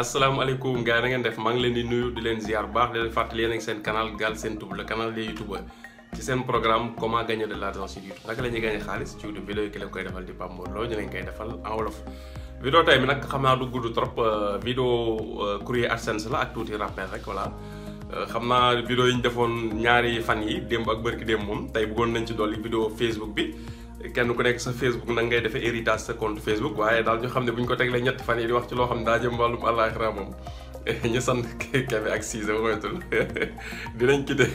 asalaamaaleykum gars yi na ngeen def maa ngi leen di nuyu di leen ziar baax di leen fàttali yéen ak seen canal Galsen Tube le canal des youtubeurs ci seen programme comment gagner de l'argent sur YouTube naka la ñuy gagner xaalis ci YouTube vidéo yi ki leen koy defal di Pape Mor ñu leen koy defal en wolof. vidéo tay bi nag xam naa du gudd trop euh, vidéo euh, courrier AdSense la ak tuuti rappel rek voilà euh, xam naa vidéo yi ñu defoon ñaari fan yi démb ak bërki démb moom tey bëggoon nañ ci dolli vidéo Facebook bi. kenn ku nekk sa Facebook nag ngay defee héritage sa Facebook waaye daal ñu ne bu ñu ko teglee ñetti fan yi di wax ci loo xam ne daa jëm wàllum moom ñu sant Kébé ak Cissé moytul dinañ quitté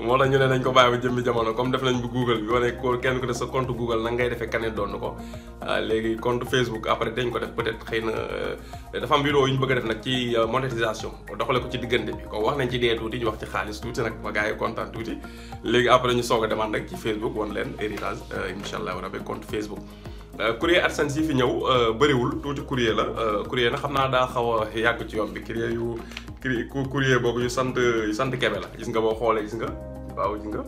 moo tax ñu ne nañ ko bàyyi ba jëmmi jamono comme def nañ bu Google bi wane kenn ku def sa compte Google na ngay defee kanet doon ko ah, léegi compte Facebook après dañ ko def peut-être xëy na euh, dafa am vidéo yu ñu bëgg a def nag ci euh, monétisation doxale ko ci diggante ko wax nañ ci dee tuuti ñu wax ci xaalis tuuti nag ba gars yi kontaan tuuti léegi après ñu soog a demande rek ci Facebook wan leen héritage euh, incha allah rabbi compte Facebook at AdSense yi fi ñëw euh, bëriwul tuuti courrier la euh, courrier na xam naa daa xaw a yàgg ci yoon bi courrier yu courrier boobu yu sant sant kebe la gis nga boo xoolee gis nga waaw gis nga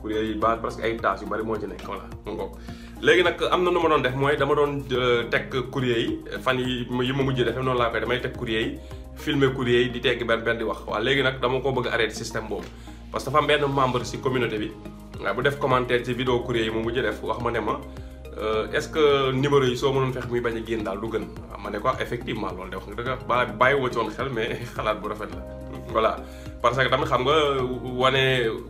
courrier yi baax presque ay tâches yu bari moo ci nekk voilà mu ngoog léegi nag am na nu ma doon def mooy dama doon euh, teg courrier yi fan yi yi ma mujj defee noonu laa koy damay teg courrier yi filmer courrier yi di tegg benn benn di wax waaw léegi nag dama ko bëgg arrêté système boobu parce que dafa am benn si communauté bi bu def commentaire ci vidéo courrier yi mu mujj def wax ma ne ma Euh, est-ce que numéro yi soo mënoon fex muy bañ a génn daal du gën ah, ma ne ko effectivement loolu de wax nga dëgg ba bàyyi woo ci woon xel mais xalaat bu rafet la. voilà parce que tamit xam nga wane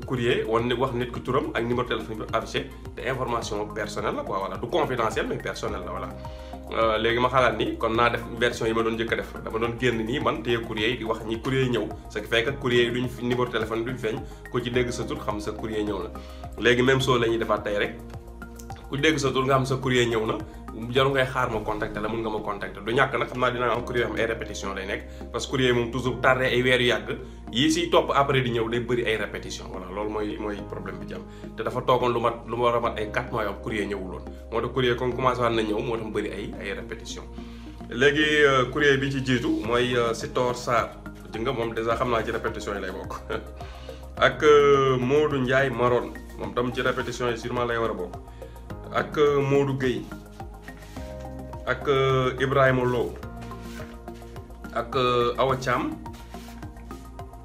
courrier wane wax nit ku turam ak numéro téléphone bi affiché te information personnelle la quoi voilà du confidentiel mais personnel la voilà. Euh, léegi ma xalaat ni kon naa def version yi ma doon njëkk a def dama doon génn nii man téye courrier yi di wax ñi courrier yi ñëw ce qui fait que courrier yi duñ numéro ci dégg sa tur xam sa courrier ñëw la léegi même soo la ñuy defaat tey rek. bu dégg sa tur nga am sa courrier ñëw na jaru ngay xaar ma contacté la mun nga ma contacté du ñàkk nag xam naa dinaa am courrier yoo xam ay lay nekk parce que courrier yi moom weer yu yàgg yi après di ñëw day bëri ay répétition loolu mooy mooy problème bi ci am te dafa toogoon lu mat lu ma war a mat ay 4 mois yoo xam courrier ñëwuloon moo tax courrier comme ay ay répétition léegi euh, courrier bi ci jiitu mooy euh, Sitor Sarr di nga moom dèjà xam naa ci répétition yi lay bokk ak euh, Modou Ndiaye Maron moom tam ci répétition yi sûrement lay war a bokk ak euh, Modou Gueye ak euh, Ibrahima Lo ak euh, Awa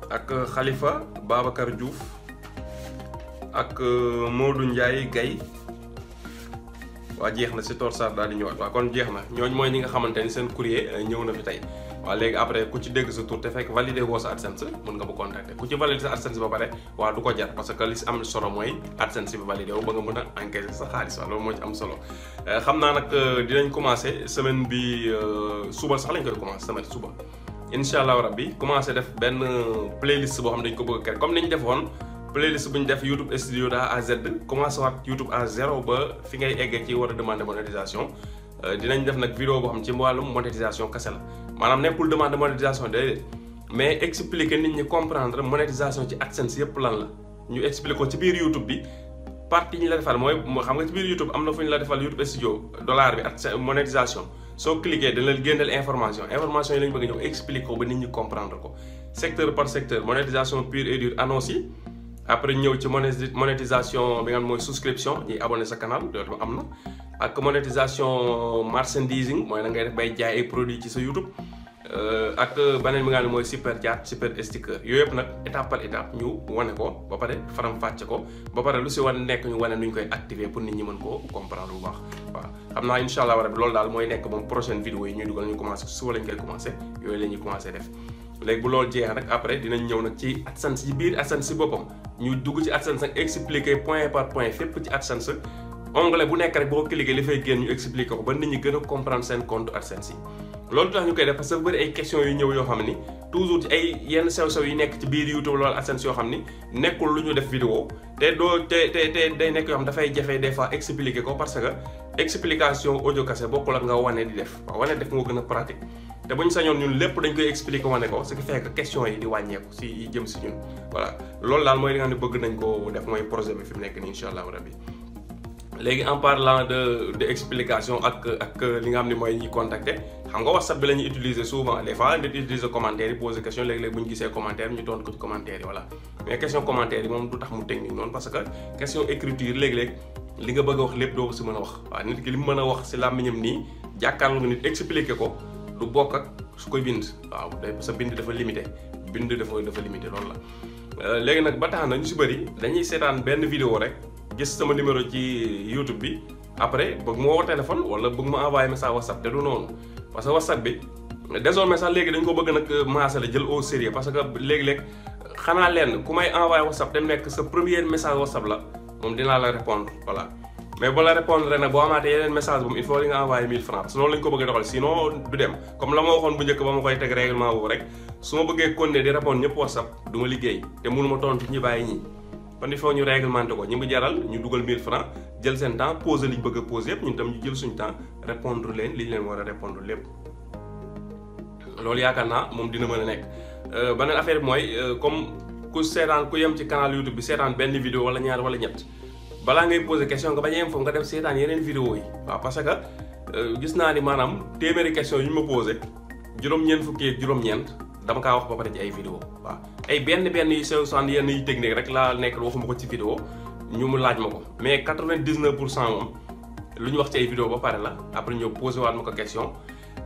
ak xalifa Babacar juuf ak Modou njaay gay waa jeex na si Tor Sarr daal ñëwaat waaw kon jeex na ñooñ mooy ñi nga xamante ni seen courrier ñëw na fi tey waaw léegi après ku ci dégg sa tur te fekk validé woo sa AdSense mën nga mu contacter ku ci validé ba pare waaw du ko jar parce mooy AdSense bi validé wu ba nga mën a encaisser sa xaalis waaw loolu moo ci am solo euh, xam naa nag euh, dinañ commencer semaine bi euh, suba sax lañ koy commencer semaine suba incha allah rabbi commencer def benn playlist boo xam ne dañ ko bëgg a créer comme ni ñu defoon playlist bu def YouTube studio da à Z commencé waat YouTube à zéro ba fi ngay eggee ci war a demander monétisation. Euh, dinañ def nag vidéo boo xam ci wàllum monétisation kese la maanaam nekkul demande de monétisation déedéet mais expliquer nit ñi comprendre monétisation ci AdSense yëpp lan la ñu expliquer ko ci biir YouTube bi parti ñu la defal mooy xam nga ci biir YouTube am na fu ñu la defal YouTube studio dollar bi ak euh, monétisation soo cliquer dañ leen génneel information information yi lañ bëgg ñëw expliquer ko ba nit ñi comprendre ko secteur par secteur monétisation pure et ñëw ci monétisation bi nga xam mooy souscription ñuy abonné sa canal loolu am na ak monétisation merchandising mooy na ngay def bay jaay ay produits ci sa YouTube euh, ak euh, beneen bi nga xam mooy super chat super sticker yooyu yëpp nag étape par étape ñu wane ko ba pare faram fàcce ko ba pare lu si wane nekk ñu wane nu ñu koy activer pour nit ñi mën koo comprendre bu baax waaw. xam naa incha allah rabi loolu daal mooy nekk moom prochaine vidéo yi ñuy dugal ñu commencé suba lañ koy commencé yooyu la ñuy def. léegi bu loolu après dinañ ñëw nag ci AdSense ci biir AdSense si boppam ñu dugg ci AdSense nag expliquer point par point fépp ci AdSense onglet bu nekk rek boo cliqué li fay génn ñu expliqué ko ba nit ñi gën a comprendre seen compte AdSense yi loolu tax ñu koy def parce que bëri ay questions yu ñëw yoo xam ni toujours ci ay yenn sew-sew yi nekk ci biir YouTube loolu AdSense yoo xam ni nekkul lu ñu def vidéo te doo te te te day dafay jafe des fois expliqué ko parce que explication audio cassé bokkul ak nga wane di def waaw wane def moo gën a pratique te bu ñu sañoon ñun lépp dañ koy expliqué wane ko ce qui question yi di wàññeeku si jëm si ñun voilà loolu daal mooy li bëgg nañ ko def mooy projet bi fi mu nekk nii incha allahu rabbi léegi en parlant de de explication ak ak li nga xam ni mooy ñuy contacter xam nga whatsapp bi la ñuy utiliser souvent des fois nit utiliser commentaire yi poser question léeg-léeg bu ñu gisee commentaire ñu tontu ko ci commentaire yi voilà mais question commentaire yi moom du tax mu technique noonu parce que question écriture léeg-léeg li nga bëgg a wax lépp doo si mën a wax waaw nit ki li mu mën a wax si làmmiñam nii jàkkaarloo nga nit expliquer ko du bokk ak su koy bind sa bind dafa limité bind dafa dafa limité loolu la euh, léegi nag ba tax na ñu si bëri dañuy seetaan benn vidéo rek. gis sama numéro ci YouTube bi après bëgg ma woo téléphone wala bëgg ma envoyé message WhatsApp te du noonu parce que WhatsApp bi désormais sax léegi dañ ko bëgg nag maasale jël au sérieux que léegi-léeg xanaa lenn ku may envoyé WhatsApp te nekk sa premier message WhatsApp la moom dinaa la répondre voilà mais boo la répondre boo amaatee yeneen message bu il faut li envoyé 1000 francs parce que noonu la ko bëgg a doxal sinon du dem comme la ma waxoon bu njëkk ba ma koy teg règlement boobu rek su ma bëggee continuer di répondre ñëpp WhatsApp du ma liggéey te mënu ma tontu ñi bàyyi ñi kon il faut ñu réglementé ko ñu ngi jaral ñu dugal 1000 francs jël seen temps poser li ñu bëgg a poser yëpp ñun tam ñu jël suñu temps répondre leen li ñu leen war a répondre lépp loolu yaakaar naa moom dina mën a nekk. Euh, beneen affaire bi mooy euh, comme ku seetaan ku yem ci canal YouTube bi seetaan benn vidéo wala ñaar wala ñet balaa ngay poser question nga bañ a yem foofu nga def seetaan yeneen vidéo yi waaw parce que euh, gis naa ni maanaam téeméeri question yu ñu ma posé juróom-ñeent fukki dama kaa wax ba ay vidéo waaw. ay benn benn yu sew sant yenn yu technique rek laa nekk waxuma ko ci vidéo ñu mu laaj ma ko mais quatre-vingt-dix-neuf pour cent moom lu ñu wax ci ay vidéo ba pare la après ñëw posé waat ma ko question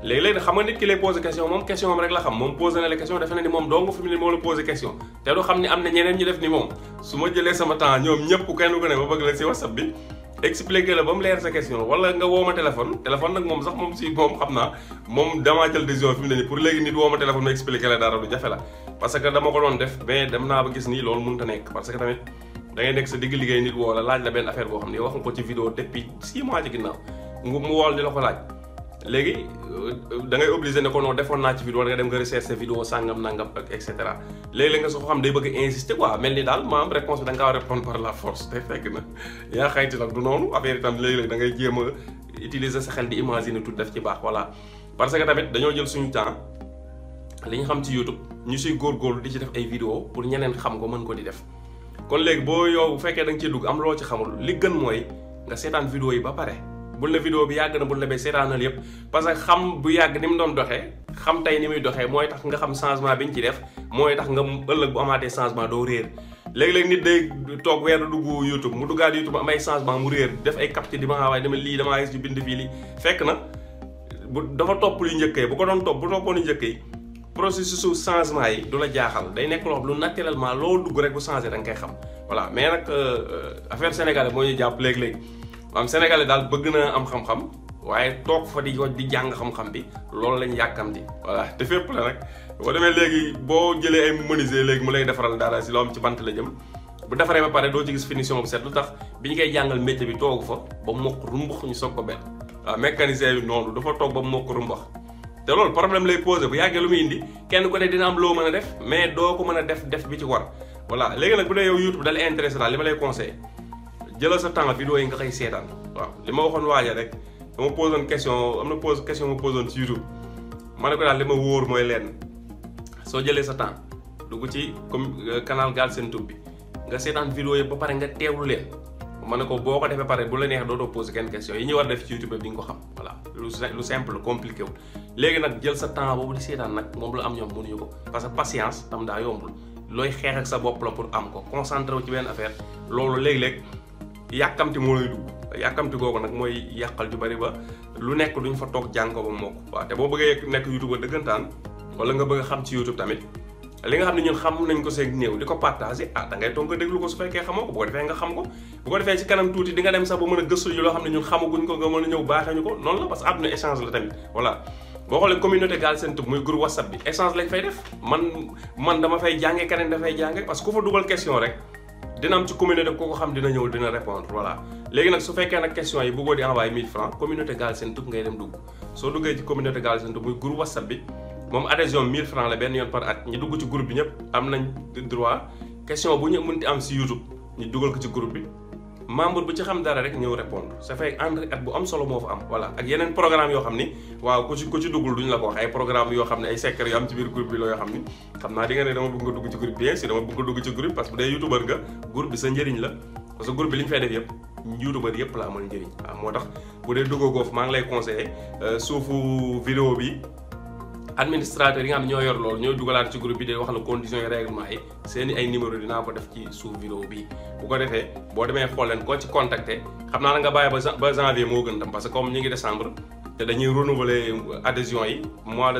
léegi-léegi xam nga nit ki lay posé question moom question moom rek la xam moom posé na la question defe na ni moom dong mu ne moo la posé question te du xam ni am na ñeneen ñu def ni moom su ma jëlee sama temps ñoom ñëpp kenn ku ne ma bëgg expliqué la ba mu leer sa question wala nga woo ma téléphone téléphone nag moom sax moom si moom xam naa moom damaa jël décision fi mu ne nii pour léegi nit woo ma téléphone expliqué la dara du jafe la. parce que dama ko doon def mais dem naa ba gis nii loolu mënut a nekk parce que tamit da ngay nekk sa digg liggéey nit woo la laaj la benn affaire boo xam ne wax ko ci vidéo depuis 6 mois ci ginnaaw mu mu wool di la ko laaj. léegi euh, da ngay obligé ne ko non defoon naa ci vidéo nga dem nga recherche vidéo sàngam nangam ak et cetera léeg-léeg nga soo xam day bëgg a insister quoi mel ni daal maam réponse bi da nga kaa répondre par la force te fekk na yaa xayti nag du noonu affaire itam léeg-léeg da ngay utiliser sa xel di imaginer tout def ci baax voilà. parce que tamit dañoo jël suñu temps li ñu xam ci YouTube ñu si góor góor di ci def ay vidéo pour ñeneen xam ko mën ko di def kon léegi boo yow bu fekkee da nga ciy dugg loo ci xamul li gën mooy nga seetaan vidéo yi ba pare. bu la vidéo bi yàgg na bu la bay seetaanal yëpp parce que xam bu yàgg ni mu doon doxee xam tey ni muy doxee mooy tax nga xam changement bi ñu ci def mooy tax nga ëllëg bu amaatee changement doo réer léegi-léegi nit day toog weer dugg YouTube mu duggaat YouTube am ay changement mu réer def ay capture di ma ah, waaye dama lii damaa gis ñu bind fii lii fekk na bu dafa topp lu njëkkee bu ko doon topp bu toppoon lu njëkkee processus su changement yi du la jaaxal day nekk loo xam lu naturellement loo dugg rek bu changé koy xam voilà mais nag euh, euh, affaire sénégalais moo ñu jàpp léegi-léegi am sénégalais daal bëgg na am xam-xam waaye toog fa di di jàng xam-xam bi loolu lañ yàkkamti voilà te fépp la nag boo demee léegi boo jëlee ay menuisier léegi mu lay defaral dara si loo am ci bant la jëm bu defaree ba pare doo ci gis finition bu set lu tax bi ñu koy jàngal métier bi toogu fa ba mokk rumbux ñu soog ko benn waaw mécanicien bi noonu dafa toog ba mokk rumbax te loolu problème lay posé bu yàggee lu mu indi kenn ko ne dina am loo mën a def mais doo ko mën a def def bi ci war voilà léegi nag bu dee yow YouTube dala intéressé daal li ma lay conseillé jëlal sa temps vidéo yi nga koy seetaan waaw li ma waxoon waaja rek dama posé woon question am pose question ma posé woon ci YouTube ma ne daal li ma wóor mooy leen soo jëlee sa temps dugg ci comme euh, canal Galsen Tube bi nga seetaan vidéo yi ba pare nga teewlu leen ma ne ko boo ko defee pare bu la neex dootoo posé kenn question yi ñu war def ci YouTube bi nga ko xam voilà lu simple compliqué léegi nag jël sa temps boobu di seetaan nag moom la am ñoom mënuñu ko parce que patience tam daa yombul looy xeex sa bopp la pour am ko concentré wu ci benn affaire loolu léeg-léeg yàkkamti moo lay dugg yàkkamti googu nag mooy yàqal yu bari ba lu nekk duñ fa toog jàng ko ba mokk waaw te boo bëggee nekk youtube ba dëggantaan wala nga bëgg xam ci youtube tamit li nga xam ne ñun xam nañ ko seeg néew di ko partagé ah nga déglu ko su fekkee xamoo ko defee nga xam ko bu ko defee di nga dem sax ba mën a ne ñun xamaguñ ko nga mën a ñëw baaxee ñu ko noonu la parce que àdduna échange la tamit voilà boo xoolee communauté Galsen Tube muy groupe whatsapp bi échange lañ fay def man man dama fay jànge keneen dafay jànge parce que ku fa dugal question rek dina am ci communauté ko ko xam dina ñëw dina répondre voilà léegi nag su fekkee nag question yi bëggoo di envoyé 1000 francs communauté Galsen Tube ngay dem dugg soo duggee ci communauté Galsen Tube muy groupe whatsapp bi moom adhésion 1000 francs la benn yoon par at ñu dugg ci groupe bi ñëpp am nañ droit question bu ñu mënti am si YouTube ñu dugal ko ci groupe bi membre bu ci xam dara rek ñëw répondre ça fait entre at bu am solo moo fa am voilà ak yeneen programme yoo xam ni waaw ku ci ku ci duggul duñ la ko wax ay programme yoo xam ne ay secret yoo am ci biir groupe bi la yoo xam ni xam naa di nga ne dama bëgg nga dugg ci groupe bien sûr dama bëgg nga dugg ci groupe parce que bu dee nga groupe bi sa njëriñ la parce que groupe bi li ñu def yëpp youtubeur yëpp la amal njëriñ waaw ah, moo tax bu dee duggagoo maa ngi lay conseillé euh, suufu vidéo bi administrateur yi nga xam ñoo yor loolu ñoo dugalaat ci groupe bi de wax na conditions yi règlement yi seeni ay numéro dinaa ko def ci suuf vidéo bi bu ko defee boo demee xool leen ci contacter xam naa nga bàyyi ba ba janvier moo gën tam parce que comme ñu ngi décembre ba janvier mois de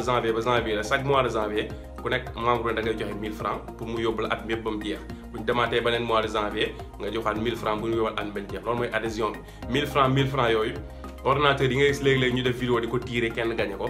janvier nga joxaat 1000 francs bu ñu yóbbal at jeex loolu mooy adhésion bi 1000 francs 1000 francs yooyu ordinateur yi nga gis léeg-léeg ñu def vidéo di ko tiire kenn gañe ko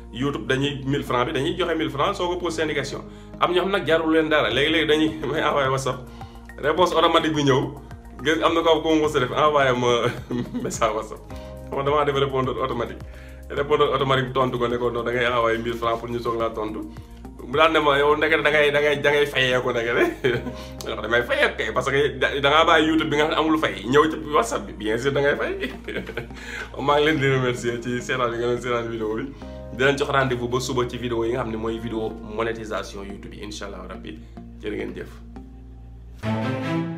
YouTube dañuy 1000 francs bi dañuy joxe 1000 francs soo ko posé seen question am ñoo xam nag jaarul leen dara léegi-léegi dañuy may envoyé WhatsApp réponse automatique bi ñëw nga am na ko ko mos a def envoyé ma message WhatsApp xam damaa def répondeur automatique répondeur automatique bi tontu ko ne ko non da ngay envoyé 1000 francs pour ñu soog laa tontu mu daan da ngay da ngay da ngay fayee ko ndekete damay fayee kay parce que da ngaa bàyyi YouTube bi nga xam ne amul fay ñëw ci WhatsApp bi bien sûr da ngay fay maa ngi leen di remercier ci seetaan bi nga doon seetaan vidéo bi di jox rendez-vous ba suba ci vidéo yi nga xam ne mooy vidéo monétisation YouTube yi incha allah rabbi ngeen jëf.